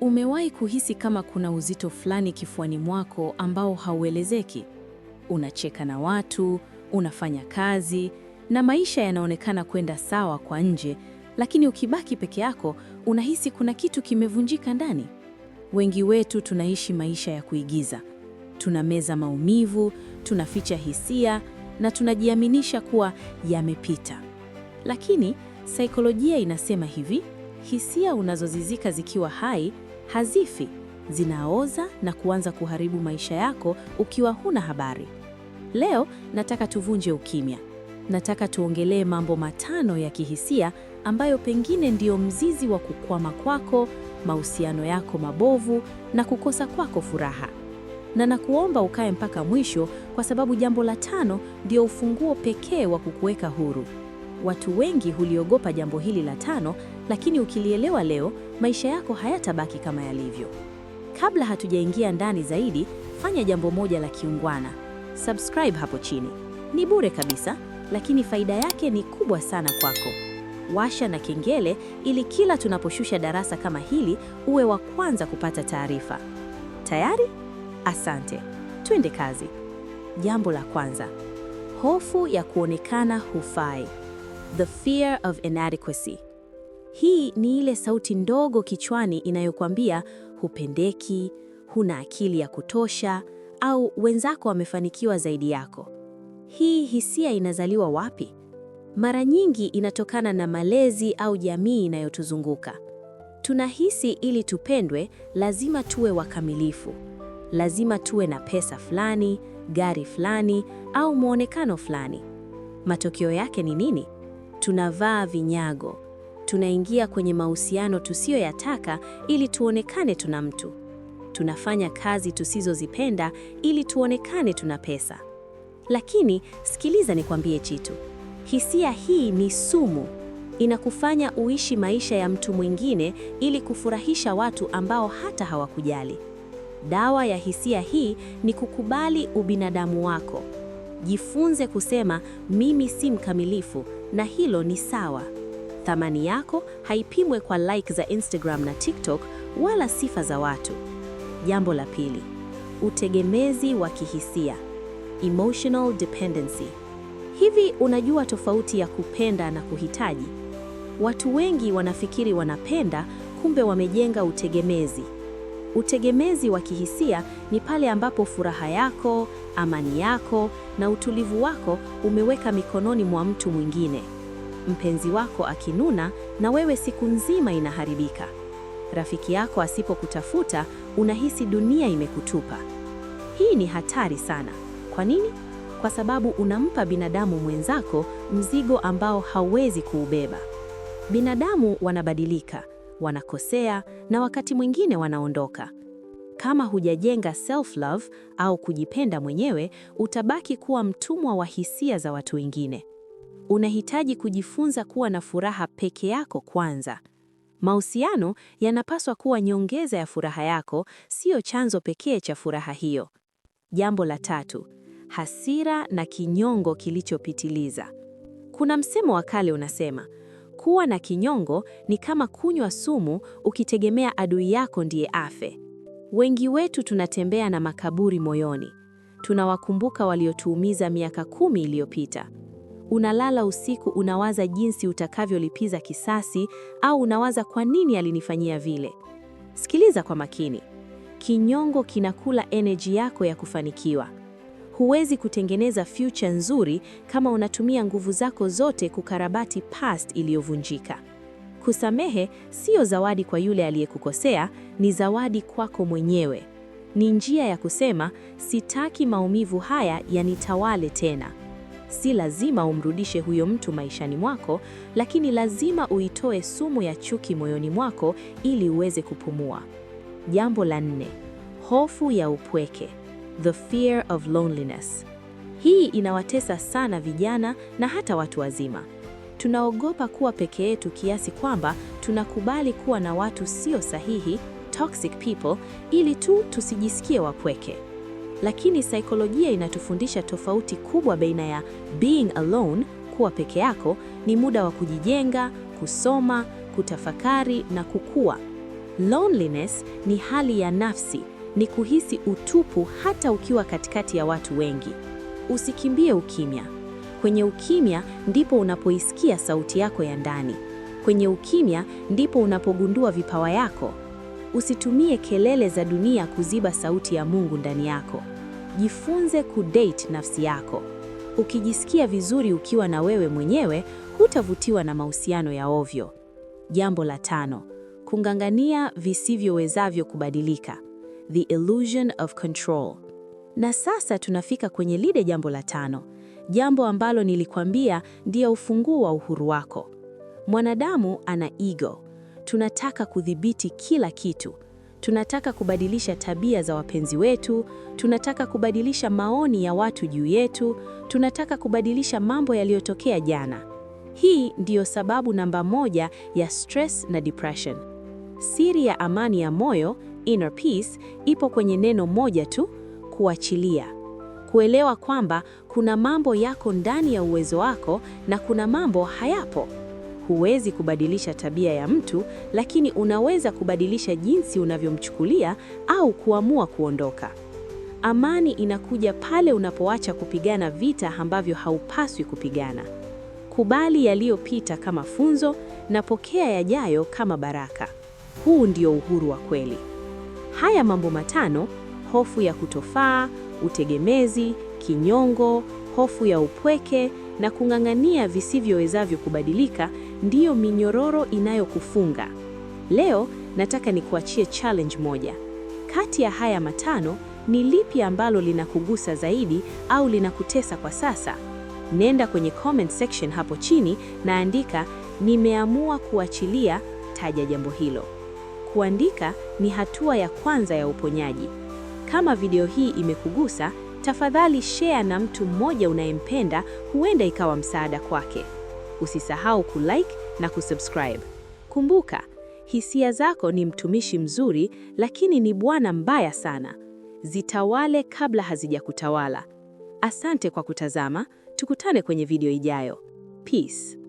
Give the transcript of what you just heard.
Umewahi kuhisi kama kuna uzito fulani kifuani mwako ambao hauelezeki? Unacheka na watu, unafanya kazi na maisha yanaonekana kwenda sawa kwa nje, lakini ukibaki peke yako unahisi kuna kitu kimevunjika ndani. Wengi wetu tunaishi maisha ya kuigiza. Tunameza maumivu, tunaficha hisia na tunajiaminisha kuwa yamepita. Lakini saikolojia inasema hivi, hisia unazozizika zikiwa hai hazifi, zinaoza na kuanza kuharibu maisha yako ukiwa huna habari. Leo nataka tuvunje ukimya. Nataka tuongelee mambo matano ya kihisia ambayo pengine ndiyo mzizi wa kukwama kwako, mahusiano yako mabovu na kukosa kwako furaha. Na nakuomba ukae mpaka mwisho kwa sababu jambo la tano ndio ufunguo pekee wa kukuweka huru. Watu wengi huliogopa jambo hili la tano, lakini ukilielewa leo, maisha yako hayatabaki kama yalivyo. Kabla hatujaingia ndani zaidi, fanya jambo moja la kiungwana. Subscribe hapo chini. Ni bure kabisa, lakini faida yake ni kubwa sana kwako. Washa na kengele ili kila tunaposhusha darasa kama hili uwe wa kwanza kupata taarifa. Tayari? Asante. Twende kazi. Jambo la kwanza. Hofu ya kuonekana hufai the fear of inadequacy. Hii ni ile sauti ndogo kichwani inayokuambia hupendeki, huna akili ya kutosha, au wenzako wamefanikiwa zaidi yako. Hii hisia inazaliwa wapi? Mara nyingi inatokana na malezi au jamii inayotuzunguka. Tunahisi ili tupendwe, lazima tuwe wakamilifu, lazima tuwe na pesa fulani, gari fulani, au mwonekano fulani. Matokeo yake ni nini? tunavaa vinyago, tunaingia kwenye mahusiano tusiyoyataka ili tuonekane tuna mtu, tunafanya kazi tusizozipenda ili tuonekane tuna pesa. Lakini sikiliza nikwambie Chitu, hisia hii ni sumu. Inakufanya uishi maisha ya mtu mwingine ili kufurahisha watu ambao hata hawakujali. Dawa ya hisia hii ni kukubali ubinadamu wako. Jifunze kusema mimi si mkamilifu na hilo ni sawa. Thamani yako haipimwe kwa like za Instagram na TikTok wala sifa za watu. Jambo la pili, utegemezi wa kihisia, emotional dependency. Hivi unajua tofauti ya kupenda na kuhitaji? Watu wengi wanafikiri wanapenda, kumbe wamejenga utegemezi. Utegemezi wa kihisia ni pale ambapo furaha yako, amani yako na utulivu wako umeweka mikononi mwa mtu mwingine. Mpenzi wako akinuna na wewe siku nzima inaharibika. Rafiki yako asipokutafuta unahisi dunia imekutupa. Hii ni hatari sana. Kwa nini? Kwa sababu unampa binadamu mwenzako mzigo ambao hawezi kuubeba. Binadamu wanabadilika wanakosea na wakati mwingine wanaondoka. Kama hujajenga self love au kujipenda mwenyewe, utabaki kuwa mtumwa wa hisia za watu wengine. Unahitaji kujifunza kuwa na furaha peke yako kwanza. Mahusiano yanapaswa kuwa nyongeza ya furaha yako, siyo chanzo pekee cha furaha hiyo. Jambo la tatu, hasira na kinyongo kilichopitiliza. Kuna msemo wa kale unasema kuwa na kinyongo ni kama kunywa sumu ukitegemea adui yako ndiye afe. Wengi wetu tunatembea na makaburi moyoni. Tunawakumbuka waliotuumiza miaka kumi iliyopita. Unalala usiku unawaza jinsi utakavyolipiza kisasi au unawaza kwa nini alinifanyia vile. Sikiliza kwa makini. Kinyongo kinakula energy yako ya kufanikiwa. Huwezi kutengeneza future nzuri kama unatumia nguvu zako zote kukarabati past iliyovunjika. Kusamehe sio zawadi kwa yule aliyekukosea, ni zawadi kwako mwenyewe. Ni njia ya kusema sitaki maumivu haya yanitawale tena. Si lazima umrudishe huyo mtu maishani mwako, lakini lazima uitoe sumu ya chuki moyoni mwako ili uweze kupumua. Jambo la nne, hofu ya upweke. The Fear of Loneliness. Hii inawatesa sana vijana na hata watu wazima. Tunaogopa kuwa peke yetu kiasi kwamba tunakubali kuwa na watu sio sahihi, toxic people, ili tu tusijisikie wapweke. Lakini saikolojia inatufundisha tofauti kubwa baina ya being alone, kuwa peke yako, ni muda wa kujijenga, kusoma, kutafakari na kukua. Loneliness ni hali ya nafsi ni kuhisi utupu hata ukiwa katikati ya watu wengi. Usikimbie ukimya. Kwenye ukimya ndipo unapoisikia sauti yako ya ndani. Kwenye ukimya ndipo unapogundua vipawa yako. Usitumie kelele za dunia kuziba sauti ya Mungu ndani yako. Jifunze kudate nafsi yako. Ukijisikia vizuri ukiwa na wewe mwenyewe, hutavutiwa na mahusiano ya ovyo. Jambo la tano: kung'ang'ania visivyowezavyo kubadilika. The Illusion of Control. Na sasa tunafika kwenye lile jambo la tano, jambo ambalo nilikwambia ndiyo ufunguo wa uhuru wako. Mwanadamu ana ego. Tunataka kudhibiti kila kitu. Tunataka kubadilisha tabia za wapenzi wetu, tunataka kubadilisha maoni ya watu juu yetu, tunataka kubadilisha mambo yaliyotokea jana. Hii ndiyo sababu namba moja ya stress na depression. Siri ya amani ya moyo inner peace ipo kwenye neno moja tu, kuachilia. Kuelewa kwamba kuna mambo yako ndani ya uwezo wako na kuna mambo hayapo. Huwezi kubadilisha tabia ya mtu, lakini unaweza kubadilisha jinsi unavyomchukulia au kuamua kuondoka. Amani inakuja pale unapoacha kupigana vita ambavyo haupaswi kupigana. Kubali yaliyopita kama funzo na pokea yajayo kama baraka. Huu ndio uhuru wa kweli. Haya mambo matano: hofu ya kutofaa, utegemezi, kinyongo, hofu ya upweke na kung'ang'ania visivyowezavyo kubadilika, ndiyo minyororo inayokufunga. Leo nataka nikuachie challenge moja. Kati ya haya matano, ni lipi ambalo linakugusa zaidi au linakutesa kwa sasa? Nenda kwenye comment section hapo chini na andika nimeamua kuachilia, taja jambo hilo kuandika ni hatua ya kwanza ya uponyaji. Kama video hii imekugusa, tafadhali share na mtu mmoja unayempenda, huenda ikawa msaada kwake. Usisahau kulike na kusubscribe. Kumbuka, hisia zako ni mtumishi mzuri, lakini ni bwana mbaya sana. Zitawale kabla hazijakutawala. Asante kwa kutazama, tukutane kwenye video ijayo. Peace.